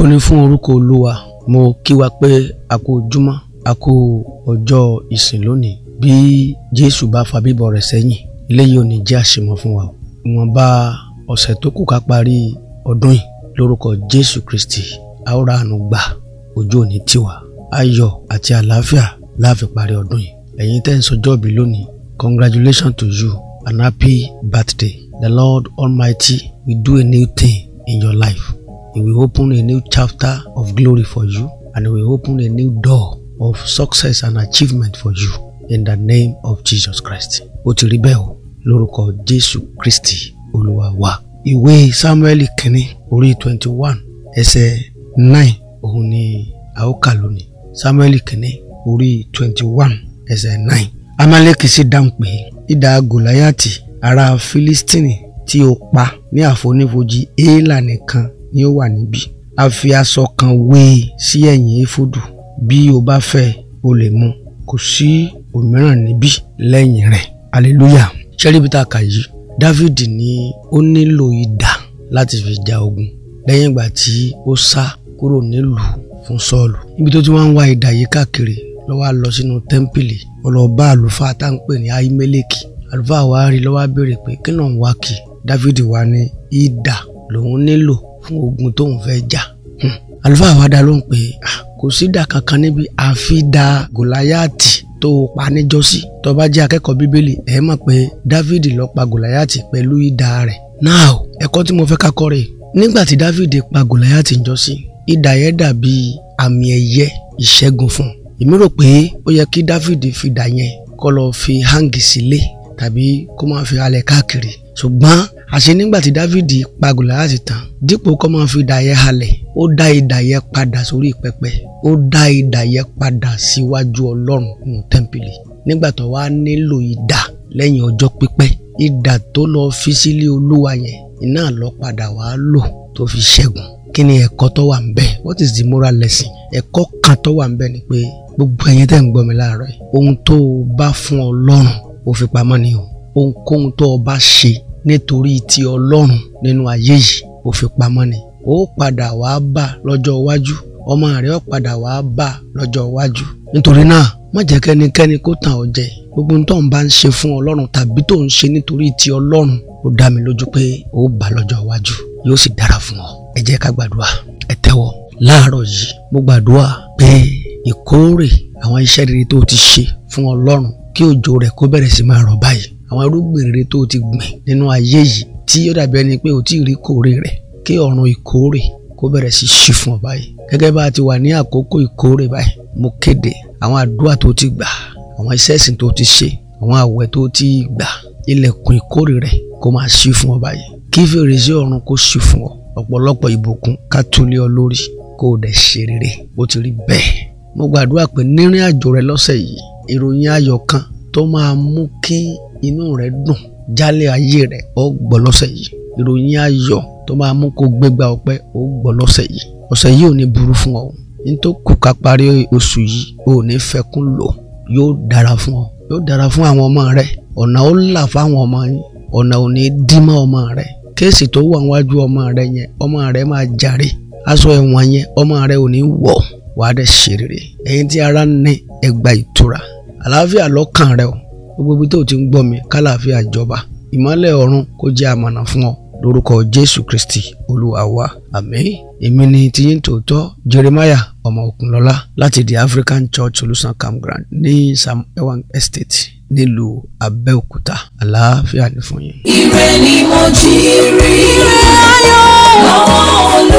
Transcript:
ògo ni fún orúkọ olúwa mo kí wa pé a kú ojúmọ́ a kú ọjọ́ ìsìn lónìí bí jésù bá fa bíbọ̀ rẹ̀ sẹ́yìn eléyìí ò ní jẹ́ àṣemọ fún wa wọn bá ọ̀sẹ̀ tó kù ká parí ọdún yìí lórúkọ jésù kristi a ó ra àánú gbà ojú òní tiwa ayọ̀ àti àlàáfíà la fi parí ọdún yìí ẹ̀yin tẹ́ ń sọjọ́ọ̀bí lónìí congratulations to you and happy birthday the lord almighty will do a new thing in your life He will open a new chapter of glory for you and He will open a new door of success and achievement for you in the name of Jesus Christ. Ó ti rí bẹ́ẹ̀ o lórúkọ Jésù Kristi Olúwa wa. Ìwé Samuel kìíní orí twenty one ẹsẹ̀ nine òun ni a ó kà lónìí. Samuel kìíní orí twenty one ẹsẹ̀ nine. Amaleki sì dáhùn pé idà Gòláyàtì ará Fílístínì tí ó pa ní àfonífojì Éèlà nìkan ni ó wà níbí a fi aṣọ kan wé e sí ẹ̀yìn éfódù bí o bá fẹ́ o lè mu kò sí òmíràn níbí lẹ́yìn rẹ̀ hallelujah ṣẹ́ríbi tá a kà yìí David ni ó nílò idà láti fi ja ogun lẹ́yìn ìgbà tí ó sá kúrò nílùú fún Sọ́ọ̀lù níbi tó ti wá ń wá idà yìí káàkiri lọ́wọ́ lọ sínú tẹ́ḿpìlì ọlọ́ọ̀bá àlùfáà tá à ń pè ní Ahimeleki àlùfáà wa rí lọ́wọ́ béèrè pé kí ló ń wá kì David wá ní idà lòun nílò fún ogun tóun fẹ́ jà hmm. àlùfáà wa dá lóhùn pé ah, kò sí dà kankan níbi àfi dà gòláyàtì tó pa níjọ́sí tó bá jẹ́ akẹ́kọ̀ọ́ bíbélì ẹ mọ̀ pé Dáfídì ló pa gòláyàtì pẹ̀lú idà rẹ̀ náà ẹ̀kọ́ tí mo fẹ́ ká kọ́ rèé nígbà tí Dáfídì pa gòláyàtì níjọ́sí idà yẹn dàbí àmì ẹ̀yẹ ìṣẹ́gun fún un èmi rò pé ó yẹ kí Dáfídì fi dà yẹn kó lọ fi hangi sílé tàbí kó máa fi halẹ̀ káàkiri ṣùgbọ́n àṣé nígbà tí dávidi pa gòláyàtì tán dípò kó máa fi idà yẹn halẹ̀ ó dá idà yẹn padà sórí pẹpẹ ó dá idà yẹn padà síwájú ọlọ́run nù tẹ́ḿpìlì nígbà tó wá nílò idà lẹ́yìn ọjọ́ pípẹ́ idà tó lọ fi sílé olúwa yẹn iná lọ padà wá lò tó fi ṣẹ́gun kí ni ẹ̀kọ́ tó wà ń bẹ what is the moral lesson ẹ̀kọ́ kan tó wà ń bẹ ni pé gbogbo ẹ̀yin tẹ́ ń gbọ́ mi láàárọ̀ ohun tó o bá fún ọlọ́run ó fi pamọ́ ni o ohunkóhun tó o bá ṣe nítorí ti ọlọ́run nínú ayé yìí ó fi pamọ́ ni ó padà wàá bà lọ́jọ́ iwájú ọmọ rẹ̀ ó padà wàá bà lọ́jọ́ iwájú nítorí náà má jẹ́ kẹ́nikẹ́ni kó tàn ọ́ jẹ gbogbo tó ń bá ń ṣe fún ọlọ́run tàbí tó ń ṣe nítorí ti ọlọ́run ó dá mi lójú pé ó bà lọ́jọ́ iwájú yóò sì dára fún ọ ẹ jẹ́ ká gbàdúrà ẹ tẹ́wọ́ láàárọ̀ yìí mo gbàdúrà pé ìkórè àwọn iṣẹ́ rere tó ti ṣe fún ọlọ́run kí òjò rẹ̀ kó bẹ̀rẹ̀ sí máa rọ̀ báyìí àwọn arúgbìn rere tó o ti gbìn nínú ayé yìí tí ó dàbí ẹni pé o ti rí kórè rẹ̀ kí ọ̀run ìkórè kó bẹ̀rẹ̀ sí ṣí fún ọ báyìí gẹ́gẹ́ bá a ti wà ní àkókò ìkórè báyìí mo kéde àwọn àdúrà tó ti gbà àwọn iṣẹ́ ìsìn tó ti ṣe àwọn àwẹ̀ tó ti gbà ilẹ̀kùn ìkórè rẹ̀ kó máa ṣí fún ọ báyìí kí fèrèsé ọ̀run kó ṣí fún ọ ọ̀pọ̀lọpọ̀ ìbùkún ká tún ọ lórí kó o dẹ̀ ṣe rere bó ti rí bẹ́ẹ̀ mo gbàdúrà pé nírìn àjò rẹ lọ́sẹ̀ yìí ìròyìn ayọ̀ kan tó máa mú kí inú rẹ dùn jálẹ̀ ayé rẹ ó gbọ́ lọ́sẹ̀ yìí ìròyìn ayọ̀ tó máa mú kó gbégbá ọpẹ́ ó gbọ́ lọ́sẹ̀ yìí ọ̀sẹ̀ yìí ò ní burú fún ọ ní tó kù ká parí oṣù yìí ò ní fẹkún lò yóò dára fún ọ yóò dára fún àwọn ọmọ rẹ ọ̀nà ó là fáwọn ọmọ yín ọ̀nà ò ní dí mọ́ ọmọ rẹ kéèsì tó wà wájú ọmọ rẹ yẹn ọmọ rẹ máa jàre aṣọ ẹ̀wọ̀n yẹn ọmọ rẹ ò ní wọ̀ wàá dẹ̀ ṣe ẹ̀yin tí ara ń ní ẹgbà ìtura àlàáfíà lọ́kàn rẹ o gbogbo ibi tó o ti ń gbọ́ mi kálàáfíà jọba ìmọ́lẹ̀ ọ̀run kó jẹ́ àmọ̀nà fún ọ lórúkọ jésù kristi olúwa wa àmín èmi ni tiyín tòótọ́ jeremiah ọmọ òkunlọ́lá láti the african church olùsàn campground ní sam ewang estate nílùú abẹ́òkúta àlàáfíà ni fún yín. ire ni mo jí rí ayọ̀ lọ́wọ́ olú.